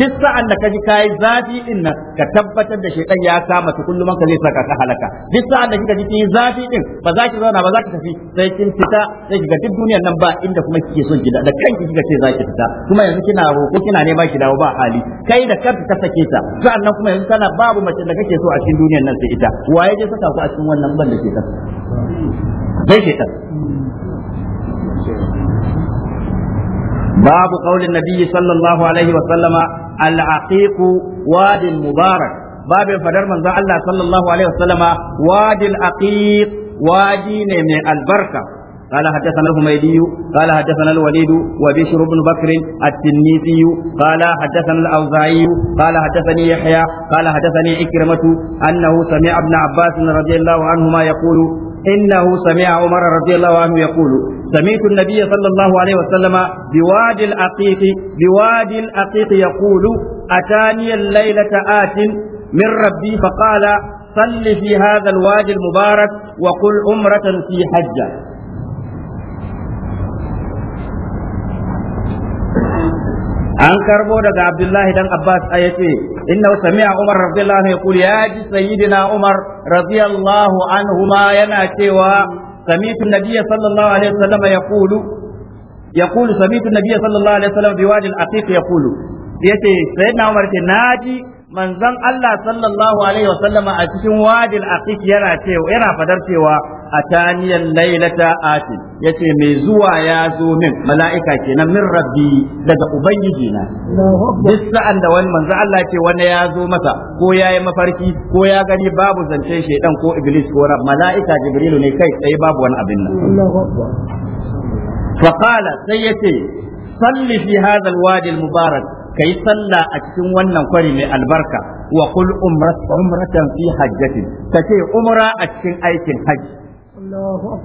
duk sa'an da kaji kai zafi din nan ka tabbatar da shedan ya kama ta kullum ka zai saka ka halaka duk sa'an da kika ji kin zafi din ba za ki zauna ba za ki tafi sai kin fita sai kiga duk duniyar nan ba inda kuma kike son ki da kanki kika ce za ki fita kuma yanzu kina roko kina neman ki dawo ba hali kai da kanka ka sake ta sa'an nan kuma yanzu kana babu mace da kake so a cikin duniyar nan sai ita waye ya saka ku a cikin wannan ban da ke ta sai ke ta babu qaulin nabiyyi sallallahu alaihi wa sallama al-aqiq wadil mubarak babin fadar manzo Allah sallallahu alaihi wa sallama wadil aqiq waji ne mai albarka قال حدثنا الحميدي قال حدثنا الوليد وبشر بن بكر التنيسي قال حدثنا الاوزاعي قال حدثني يحيى قال حدثني عكرمة انه سمع ابن عباس رضي الله عنهما يقول انه سمع عمر رضي الله عنه يقول سمعت النبي صلى الله عليه وسلم بواد العقيق بواد العقيق يقول اتاني الليله آت من ربي فقال صل في هذا الوادي المبارك وقل عمرة في حجة an karbo daga abdullahi dan abbas a yace inna sami'a umar radiyallahu yaqul ya ji sayyidina umar radiyallahu anhuma yana cewa سمعت النبي صلى الله عليه وسلم يقول يقول سمعت النبي صلى الله عليه وسلم بوادي العقيق يقول yace sayyidina Umar ce naji manzon Allah sallallahu alaihi wasallama a cikin wadil aqiq yana cewa yana fadar cewa ataniyal lailata atin yace mai zuwa ya zo min mala'ika kenan min rabbi daga ubangiji na duk sa'an da wani manzo Allah ce wani ya zo masa ko yayi mafarki ko ya gani babu zancen shedan ko iblis ko rab mala'ika jibrilu ne kai tsaye babu wani abin nan فقال سيتي صل في هذا الوادي المبارك كي صلى أكتم ونن قري من البركة وقل أمرة أمرة في kace umra a cikin aikin Hajji.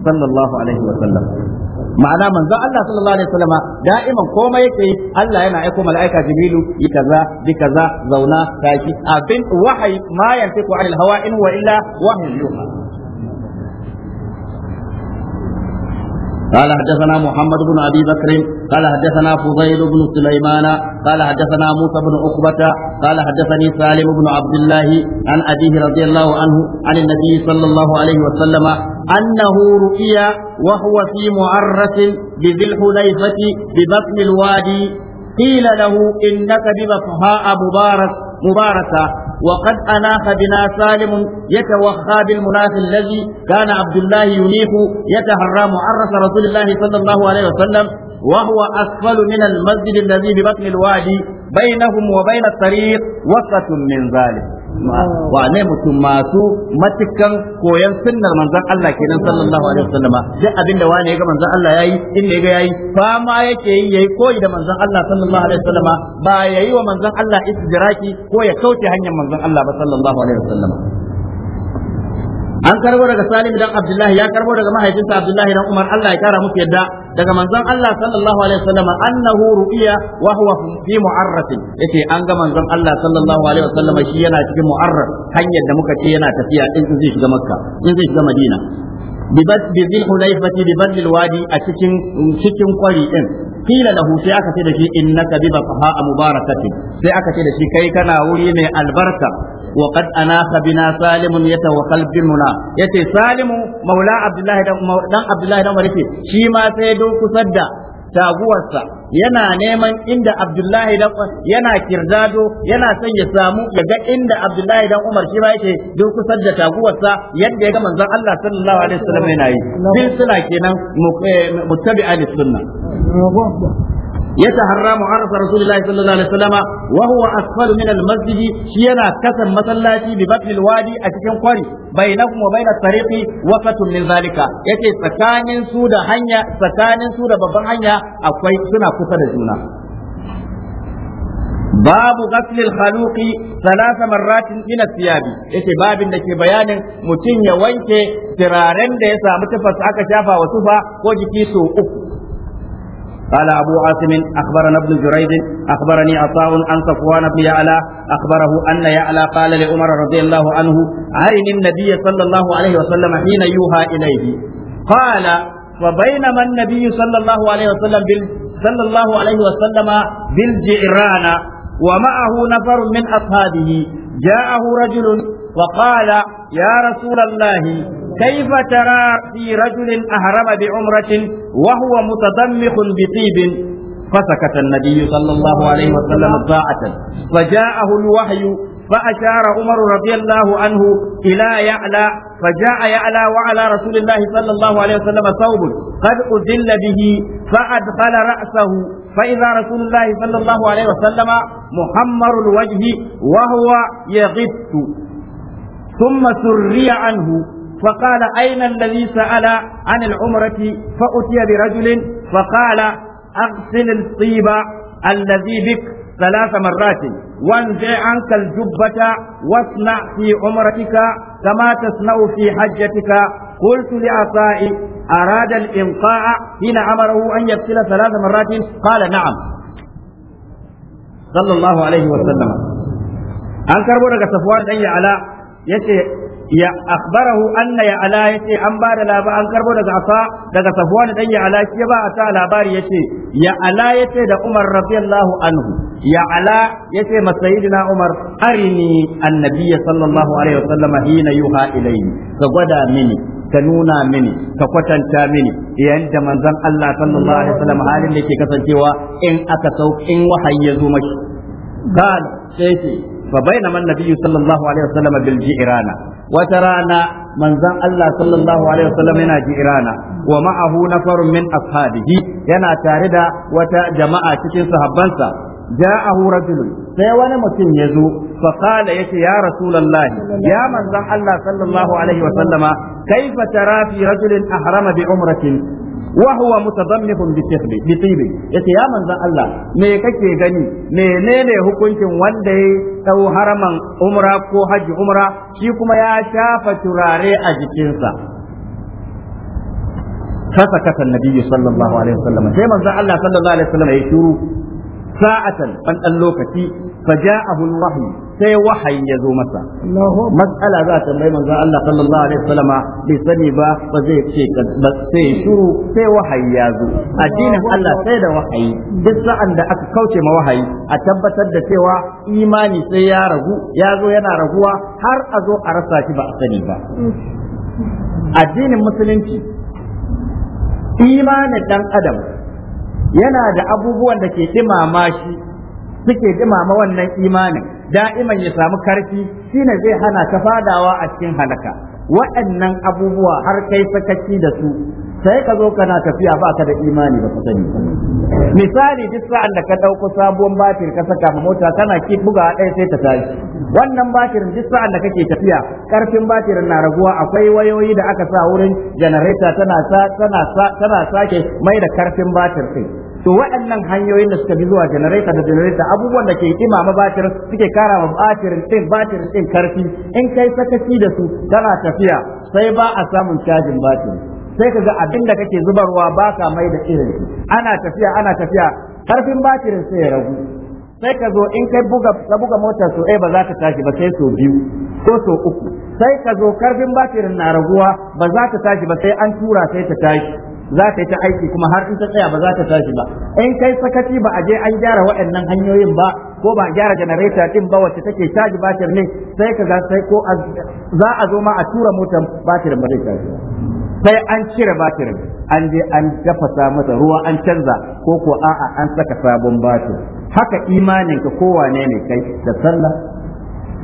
sallallahu alaihi wa sallam ma'ana manzo Allah sallallahu alaihi wa sallama da'iman komai yake Allah yana aiko mala'ika jibrilu yi kaza bi kaza zauna taki abin wahayi ma yantiku anil hawa in wa illa wahyu قال حدثنا محمد بن ابي بكر قال حدثنا فضيل بن سليمان قال حدثنا موسى بن عقبة قال حدثني سالم بن عبد الله عن ابيه رضي الله عنه عن النبي صلى الله عليه وسلم انه رؤي وهو في معرة بذي الحليفة ببطن الوادي قيل له انك بمصحاء مبارك مباركة وقد أناخ بنا سالم يتوخى بالمناخ الذي كان عبد الله ينيف يتهرى معرس رسول الله صلى الله عليه وسلم وهو أسفل من المسجد الذي ببطن الوادي بينهم وبين الطريق وقت من ذلك wane mutum masu matukan koyan sunnar manzon Allah kenan sallallahu alaihi wasallam duk abinda wane ya ga manzon Allah yayi inda ya ga yayi fama yake yi yayi koyi da manzon Allah sallallahu alaihi wasallam ba yayi wa manzon Allah istijraki ko ya kauce hanyar manzon Allah ba sallallahu alaihi wasallam an karbo daga Salim dan Abdullahi ya karbo daga mahaifinsa Abdullahi dan Umar Allah ya kara musu yadda daga manzon Allah sallallahu alaihi wasallam annahu ru'iya wa huwa fi mu'arrat yace an ga manzon Allah sallallahu alaihi wasallam shi yana cikin mu'arrat hanyar da muka ce yana tafiya in zai shiga Makka din zai shiga Madina bi zil hulaifati bi badil wadi a cikin cikin kwari din kila lahu sai aka ce da shi innaka bi baqa mubarakatin sai aka ce da shi kai kana wuri mai albarka wa qad anaqa bina salim yatawakkal bimuna yace salimu maula abdullahi dan abdullahi dan shi ma sai don kusar da taguwarsa yana neman inda Abdullahi dan Umar yana kirdado yana son ya samu ya ga inda Abdullahi dan Umar shi ba yake durkusar da taguwarsa yadda ya ga manzon Allah sallallahu alaihi wasallam yana yi sun suna kenan mutabi'a eh, sunna يتحرى معرس رسول الله صلى الله عليه وسلم وهو أسفل من المسجد شينا كسم مسلاتي ببطن الوادي أتكن قري بينهم وبين الطريق وقت من ذلك يتي سكان سودا هنيا سكان سودا ببن هنيا أقوي سنة كسر جونا باب غسل الخلوق ثلاث مرات من الثياب yace babin da ke bayanin mutum ya wanke turaren da ya samu tufas aka shafa wa tufa ko jiki so uku قال أبو عاصم أخبرنا ابن جريج أخبرني عطاء عن صفوان بن يعلى أخبره أن يعلى قال لعمر رضي الله عنه أرن النبي صلى الله عليه وسلم حين يوحى إليه قال وبينما النبي صلى الله عليه وسلم بال صلى الله عليه وسلم بالجئران ومعه نفر من أصحابه جاءه رجل وقال يا رسول الله كيف ترى في رجل أهرم بعمرة وهو متضمخ بطيب فسكت النبي صلى الله عليه وسلم ساعة فجاءه الوحي فأشار عمر رضي الله عنه إلى يعلى فجاء يعلى وعلى رسول الله صلى الله عليه وسلم ثوب قد أذل به فأدخل رأسه فإذا رسول الله صلى الله عليه وسلم محمر الوجه وهو يغث ثم سري عنه فقال أين الذي سأل عن العمرة فأتي برجل فقال أغسل الطيب الذي بك ثلاث مرات وانزع عنك الجبة واصنع في عمرتك كما تصنع في حجتك قلت لعطائي أراد الإنقاء حين أمره أن يغسل ثلاث مرات قال نعم صلى الله عليه وسلم an karbo daga safwan dan ya'ala yace ya akhbarahu anna ya ala yace an ba da labar an karbo daga afa daga safwan dan ya ala shi ba a ta labari yace ya ala yace da umar radiyallahu anhu ya ala yace ma sayyidina umar arini annabiyya sallallahu alaihi wasallam hina yuha ilayhi ka gwada mini ka nuna mini ka kwatanta mini yadda manzon Allah sallallahu alaihi wasallam halin da yake kasancewa in aka sau in wahayi ya zo mashi قال سيتي فبينما النبي صلى الله عليه وسلم بالجيرانة wata rana manzon Allah sallallahu alaihi wasallam yana jirana wa ma'ahu farun min ashabihi yana tare da wata jama'a cikin sahabbansa ja'ahu rajulun sai wani mutum ya zo fa qala yace ya rasulullahi ya manzon Allah sallallahu alaihi wasallama kaifa tara fi rajulin ahrama bi umratin wa huwa mutadammihun bi tibbi bi tibbi yace ya manzon Allah me kake gani menene hukuncin wanda ya dau haraman umra ko Hajji umra shi kuma ya shafa turare a jikinsa فسكت النبي صلى الله عليه وسلم كما الله صلى الله عليه وسلم يشور ساعة أن اللوكتي فجاءه الوحي sai wahayi ya zo masa matsala za ta bai manzon Allah sallallahu alaihi wasallama bai sani ba ba zai ce ba sai shuru sai wahayi ya zo addinin Allah sai da wahayi duk sa'an da aka kauce ma wahayi a tabbatar da cewa imani sai ya ragu ya zo yana raguwa har a zo a rasa shi ba a sani ba addinin musulunci imanin dan adam yana da abubuwan da ke dimama shi suke dimama wannan imanin da'iman ya samu karfi shine zai hana ka fadawa a cikin halaka waɗannan abubuwa har kai sakaci da su sai ka zo kana tafiya ba ka da imani ba ka sani misali duk sa'an da ka dauko sabuwar batir ka saka ma mota kana ki buga ɗaya sai ta tashi wannan batirin duk sa'an da kake tafiya karfin batirin na raguwa akwai wayoyi da aka sa wurin janareta tana tana tana sake mai da karfin batir sai to waɗannan hanyoyin da suka bi zuwa janareta da janareta abubuwan da ke imama batir suke kara ma batirin din batirin din karfi in kai sakaci da su kana tafiya sai ba a samun cajin batir sai kaga abin da kake zubarwa ba ka mai da irin ana tafiya ana tafiya karfin batirin sai ya ragu sai ka zo in kai buga ka buga mota so ɗaya ba za ta tashi ba sai so biyu ko so uku sai ka zo karfin batirin na raguwa ba za ta tashi ba sai an tura sai ta tashi za ka yi ta aiki kuma har in ta tsaya ba za ta tashi ba in kai sakaci ba a je an gyara waɗannan hanyoyin ba ko ba a gyara janareta din ba wacce take caji batir ne sai ka ga sai ko za a zo ma a tura motar batirin ba zai tashi sai an cire batirin an je an tafasa masa ruwa an canza ko ko a'a an saka sabon batir haka imaninka kowane ne kai da sallah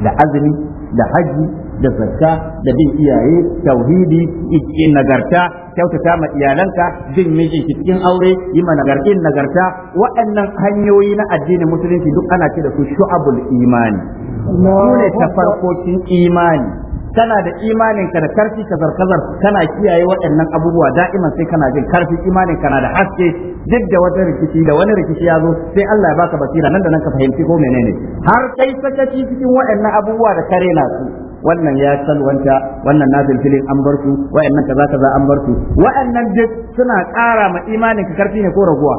da azumi da haji da zakka da bin iyaye tauhidi ikin nagarta kyautata ma iyalanka bin miji cikin aure yi ma nagartin nagarta waɗannan hanyoyi na addinin musulunci duk ana ce da su shu'abul imani su ne ta farkokin imani kana da imanin ka da karfi kazar kazar kana kiyaye waɗannan abubuwa da'iman sai kana jin karfi imanin na da haske duk da wata rikici da wani rikici ya zo sai Allah ya baka basira nan da nan ka fahimci ko menene har kai sakaci cikin waɗannan abubuwa da kare na su wannan ya salwanta wannan na filin an bar su waɗannan kaza kaza an bar su waɗannan duk suna ƙara ma imanin ka karfi ne ko raguwa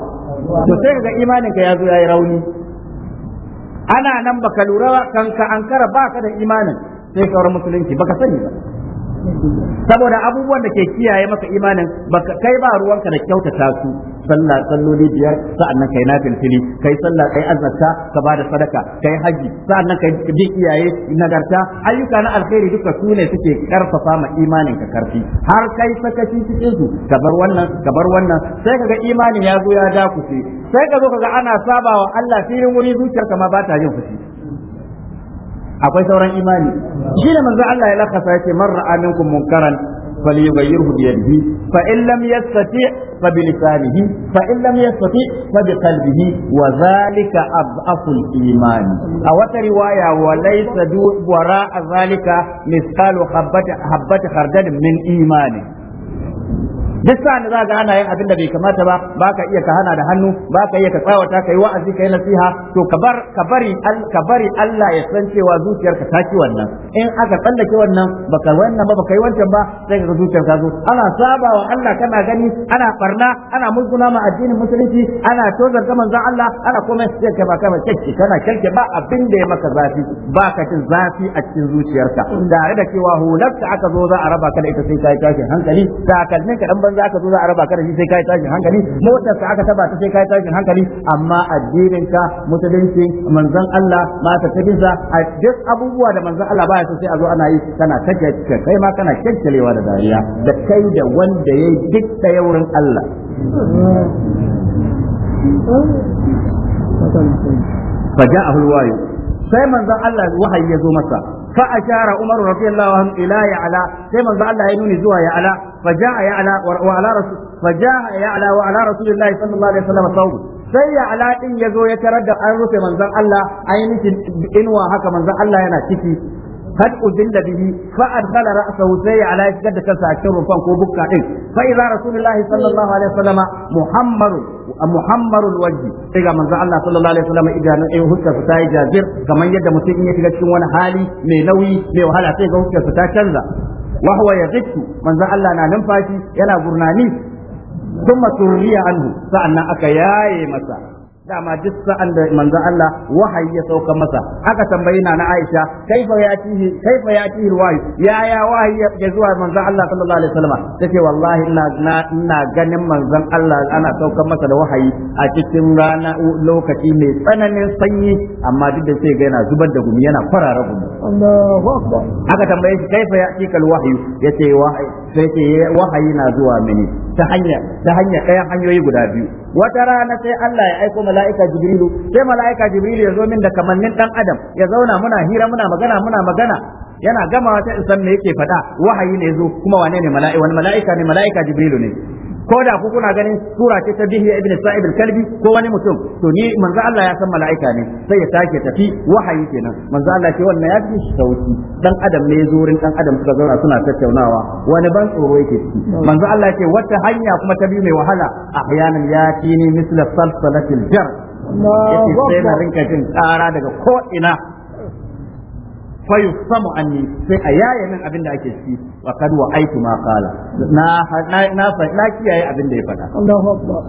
to sai ga imanin ka ya zo yayi rauni ana nan baka lura kanka ankara baka da imanin sai sauran musulunci baka sani ba saboda abubuwan da ke kiyaye maka imanin baka kai ba ruwanka da kyautata su sallah salloli biyar sa'annan kai nafil fili kai sallah kai azzaka ka bada sadaka kai haji sa'annan kai bi iyaye nagarta ayyuka na alkhairi duka su ne suke karfafa ma imanin ka karfi har kai sakaci cikin su ka bar wannan ka bar wannan sai kaga imanin ya zo ya dakuce sai ka zo kaga ana sabawa Allah filin wuri zuciyarka ma ba ta yin fushi akwai sauran imani shi da manzo Allah ya lakasa yace man ra'a minkum munkaran falyughayyirhu bi yadihi fa in lam yastati fa bi lisanihi fa in lam yastati fa bi qalbihi wa zalika adhafu al-iman a wata riwaya wa laysa du wara'a zalika mithqalu habbati habbati min imani duk sa'an da zaka ana yin abin da bai kamata ba baka iya ka hana da hannu baka iya ka tsawata yi wa'azi kai nasiha to ka bari ka bari Allah ya san cewa zuciyarka ta ki wannan in aka tsallake wannan wannan ba baka yi wancan ba sai ka zuciyar ka zo ana saba wa Allah kana gani ana barna ana musguna ma addinin musulunci ana tozarta manzon Allah ana komai sai ka baka mai kake kana kake ba abin da ya maka zafi ba ka jin zafi a cikin zuciyarka tare da cewa hularka aka zo za a raba ka da ita sai ka yi tashin hankali takalmin ka dan banza aka zo za a raba ka da shi sai kai tashin hankali motar ka aka taba ta sai kai tashin hankali amma addinin ka musulunci manzon Allah ma ta tabisa a duk abubuwa da manzon Allah baya so sai a zo ana yi kana kake kai ma kana kekkelewa da dariya da kai da wanda yayi duk da yaurin Allah فجاءه الواي sai manzon Allah wahayi ya zo masa fa ashara umar radiyallahu anhu ila ya'la sai manzo Allah ya nuni zuwa ya'ala! fa jaa ya'la wa ala rasul fa jaa ya'la wa ala rasulillahi yazo ya tarar da an rufe manzon Allah ainihin inwa haka manzon Allah yana ciki قد أذل به فأدخل رأسه سي على يشد كسا شر فانكو بكا إيه فإذا رسول الله صلى الله عليه وسلم محمر محمر الوجه إذا من الله صلى الله عليه وسلم إذا نعيه هكا فتاي جازر كما يدى مسيئين يتغشون حالي مينوي ميوهلا تيغا هكا فتا كنزا وهو يغش من الله نا ننفاشي يلا برناني ثم سرية عنه فأنا أكياي مسا dama duk sa'an da manzon Allah wahayi ya sauka masa aka tambayi na na Aisha kaifa yatihi kaifa tihi wahayi ya ya wahayi ya zuwa manzon Allah sallallahu alaihi wasallam take wallahi ina ina ganin manzon Allah ana sauka masa da wahayi a cikin rana lokaci mai tsananin sanyi amma duk da sai ga yana zubar da gumi yana farara gumi Allahu akbar aka tambaye shi kaifa yatikal wahyu yace wahayi sai ce wahayi na zuwa mini ta hanya ta hanya ɗayan hanyoyi guda biyu wata rana sai Allah ya aiko mala'ika Jibrilu sai mala'ika Jibrilu ya zo min da kamannin dan adam ya zauna muna hira muna magana muna magana yana gama wata in san me yake faɗa wahayi ne zo kuma wane ne mala'ika wani mala'ika ne mala'ika Jibrilu ne ko da ku kuna ganin sura ce ta bihi ibn sa'id al-kalbi ko wani mutum to ni manzo Allah ya san mala'ika ne sai ya take tafi wahayi kenan manzo Allah ce wannan ya fi sauki dan adam ne zurin dan adam suka zauna suna tattaunawa wani ban tsoro yake ciki manzo Allah ce wata hanya kuma ta biyu mai wahala ahyanan ya tini misla salsalatil jar yake sai na rinka jin tsara daga ko ina fa yusamu anni sai a yaya min abin da ake ciki wa kad wa aitu ma qala na na na kiyaye abin da ya faɗa Allahu akbar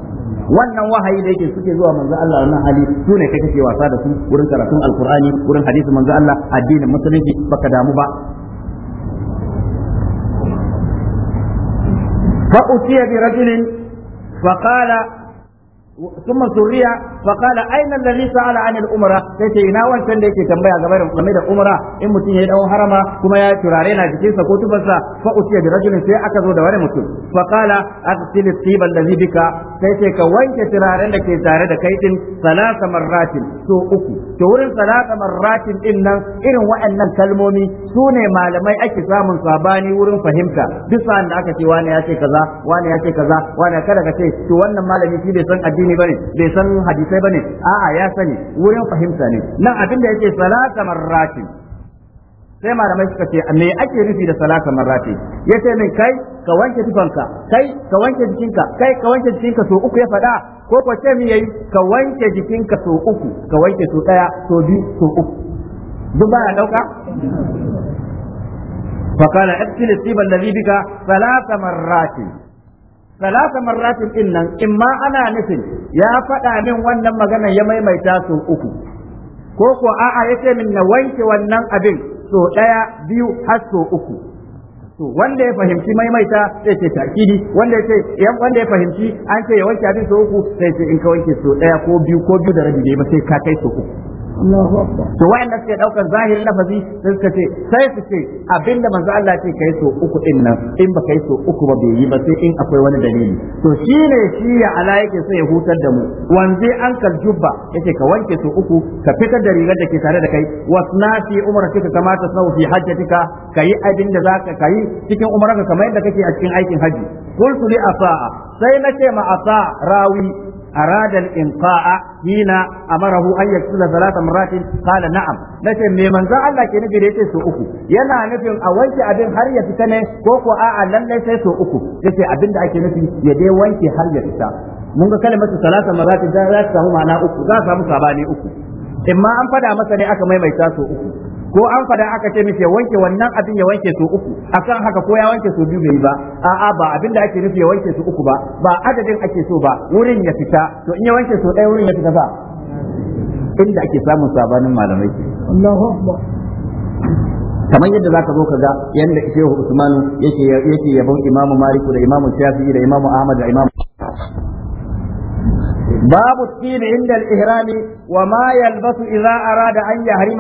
wannan wahayi da yake suke zuwa manzo Allah wannan hali su ne kai kake wasa da su wurin karatun alqur'ani wurin hadisi manzo Allah addinin musulunci baka damu ba fa utiya bi rajulin fa qala ثم سرية فقال أين الذي سأل عن الأمرة sai ina wancan da yake tambaya game da umra in mutum ya dawo harama kuma ya turare na jikin sa ko tubarsa fa usiya bi rajulin sai aka zo da wani mutum fa qala aghsil at-tiba alladhi bika sai sai ka wanke turaren da ke tare da kai din salasa marratin to uku to wurin salasa marratin din nan irin waɗannan kalmomi sune ne malamai ake samun sabani wurin fahimta duk sa'an da aka ce wani ya ce kaza wani ya ce kaza wani kada ka ce to wannan malami shi bai ilimi bane bai san hadisai bane a'a ya sani wurin fahimta ne nan abin da yake salata marrati sai malamai suka ce me ake rufi da salata marrati yace min kai ka wanke tufanka kai ka wanke jikinka kai ka wanke jikinka so uku ya faɗa ko ko ce min yayi ka wanke jikinka so uku ka wanke so daya so biyu so uku duk ba ya dauka فقال اغسل الطيب الذي بك ثلاث مرات salasa marratin din nan in ma ana nufin ya faɗa min wannan magana ya maimaita su uku ko ko a'a yace min na wanke wannan abin so ɗaya biyu har so uku to wanda ya fahimci maimaita sai ce takidi wanda yace wanda ya fahimci an ce ya wanke abin so uku sai ce in ka wanke so ɗaya ko biyu ko biyu da rabi ne ba sai ka kai so uku to wayanda suke daukar zahirin lafazi sai suka ce sai su ce abinda manzo Allah ce kai so uku din nan in baka yi so uku ba bai yi ba sai in akwai wani dalili to shine shi ya ala yake so ya hutar da mu wanzi an kaljubba yace ka wanke so uku ka fitar da rigar da ke tare da kai wasna fi umratika kama tasnawu fi hajjatika kai abin da zaka kai cikin umrarka kamar yadda kake a cikin aikin haji qultu li asaa sai nace ma sa rawi أراد الإنقاء حين أمره أن يقتل ثلاث مرات قال نعم لكن من من ذا الله كي نجري سو أكو ينا نفهم أولك أبن حرية يفتنى كوكو آآ لم نسي سو أكو أبن دعك نفهم يدي وانك حرية يفتنى من كلمة ثلاث مرات marati za ta samu ma'ana uku za ta samu sabani uku in ma an fada ko an fada aka ce mishi ya wanke wannan abin ya wanke su uku akan haka ko ya wanke su biyu bai ba a'a ba abin da ake nufi ya wanke su uku ba ba adadin ake so ba wurin ya fita to in ya wanke su ɗaya wurin ya fita ba inda ake samun sabanin malamai Allahu kamar yadda zaka zo ka ga yanda Shehu Usman yake yabon Imam Malik da Imam Shafi'i da Imam Ahmad da Imam باب الطيب عند الإهرام وما يلبس إذا أراد أن يهرم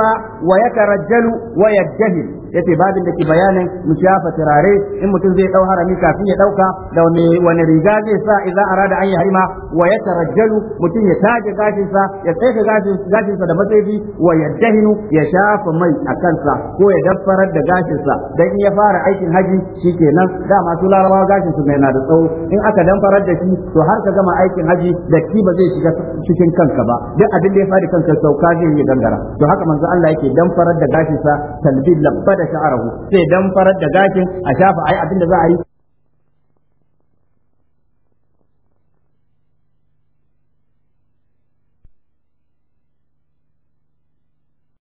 ويترجل ويجهل yace babin da ke bayanin mu shafa turare in mutum zai dau harami kafin ya dauka da wani riga zai sa idan arada an yi harima wa ya tarajjalu mutum ya taje gashin sa ya tsaye gashin gashin sa da matsayi wa dahinu ya shafa mai a kansa ko ya daffarar da gashin sa dan in ya fara aikin haji shikenan da masu larabawa gashin su mai na da tsawo in aka damfarar da shi to har ka gama aikin haji da ki ba zai shiga cikin kanka ba duk abin da ya fadi kanka sauka zai yi gangara to haka manzo Allah yake damfarar da gashin sa talbil labbat da sha'arahu sai dan farar da gashin a shafa ai abin da za a yi